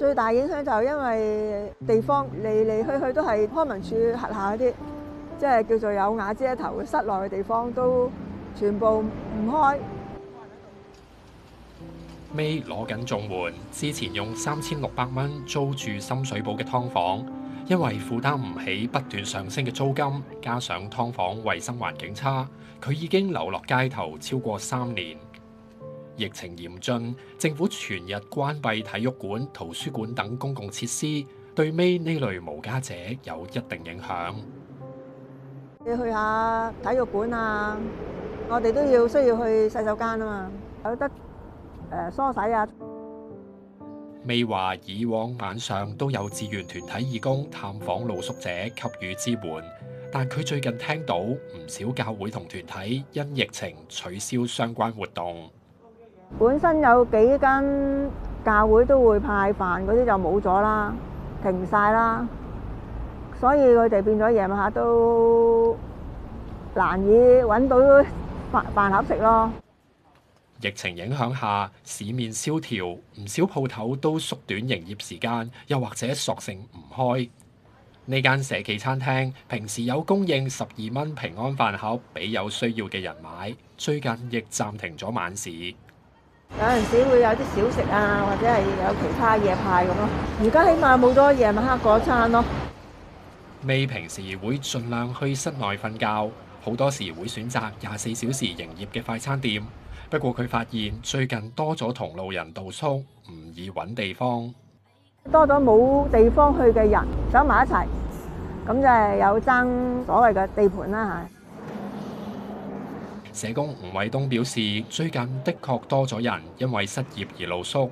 最大影響就係因為地方嚟嚟去去都係康文署轄下啲，即係叫做有瓦遮頭嘅室內嘅地方都全部唔開。尾攞緊綜援，之前用三千六百蚊租住深水埗嘅劏房，因為負擔唔起不斷上升嘅租金，加上劏房衞生環境差，佢已經流落街頭超過三年。疫情嚴峻，政府全日關閉體育館、圖書館等公共設施，對美呢類無家者有一定影響。你去下體育館啊，我哋都要需要去洗手間啊嘛，有得、呃、梳洗啊。美話，以往晚上都有志願團體義工探訪露宿者，給予支援，但佢最近聽到唔少教會同團體因疫情取消相關活動。本身有幾間教會都會派飯，嗰啲就冇咗啦，停晒啦，所以佢哋變咗夜晚都難以揾到飯盒食咯。疫情影響下，市面蕭條，唔少鋪頭都縮短營業時間，又或者索性唔開。呢間社企餐廳平時有供應十二蚊平安飯盒俾有需要嘅人買，最近亦暫停咗晚市。有陣時會有啲小食啊，或者係有其他嘢派咁咯。而家起碼冇多夜晚黑嗰餐咯。未平時會盡量去室內瞓覺，好多時會選擇廿四小時營業嘅快餐店。不過佢發現最近多咗同路人，度宿唔易揾地方，多咗冇地方去嘅人走埋一齊，咁就係有爭所謂嘅地盤啦吓。社工吳偉東表示，最近的確多咗人因為失業而露宿。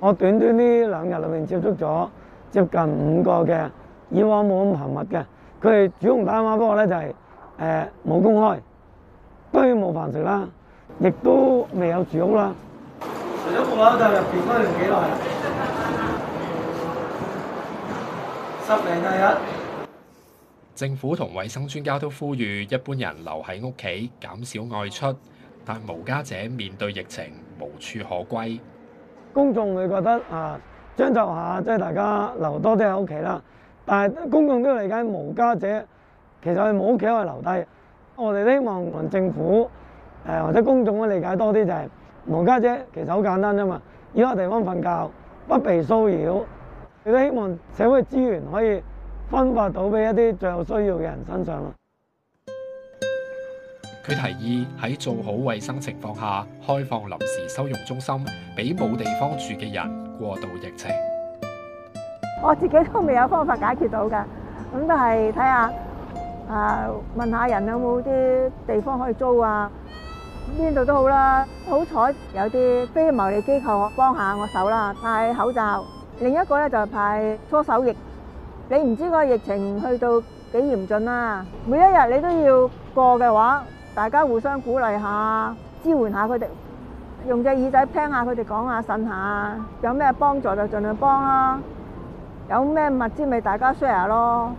我短短呢兩日裏面接觸咗接近五個嘅，以往冇咁頻密嘅，佢哋主動打電話，不過咧就係誒冇工開，當然冇飯食啦，亦都未有住屋啦。除咗木屋就入邊嗰度幾耐啊？ 十年啦！一政府同衛生專家都呼籲一般人留喺屋企，減少外出。但無家者面對疫情無處可歸，公眾會覺得啊，將就下，即、就、係、是、大家留多啲喺屋企啦。但係公眾都理解無家者，其實係冇屋企可以留低。我哋都希望同政府誒、呃、或者公眾都理解多啲、就是，就係無家者其實好簡單啫嘛，有一個地方瞓覺，不被騷擾。亦都希望社會資源可以。分發到俾一啲最有需要嘅人身上咯。佢提議喺做好衛生情況下開放臨時收容中心，俾冇地方住嘅人過渡疫情。我自己都未有方法解決到噶，咁都係睇下啊，問下人有冇啲地方可以租啊，邊度都好啦啊。好彩有啲非牟利機構幫下我手啦，戴口罩，另一個咧就係派搓手液。你唔知個疫情去到幾嚴峻啦，啊，每一日你都要過嘅話，大家互相鼓勵下、支援下佢哋，用隻耳仔聽下佢哋講下、信下，有咩幫助就盡量幫啦，啊，有咩物資咪大家 share 咯。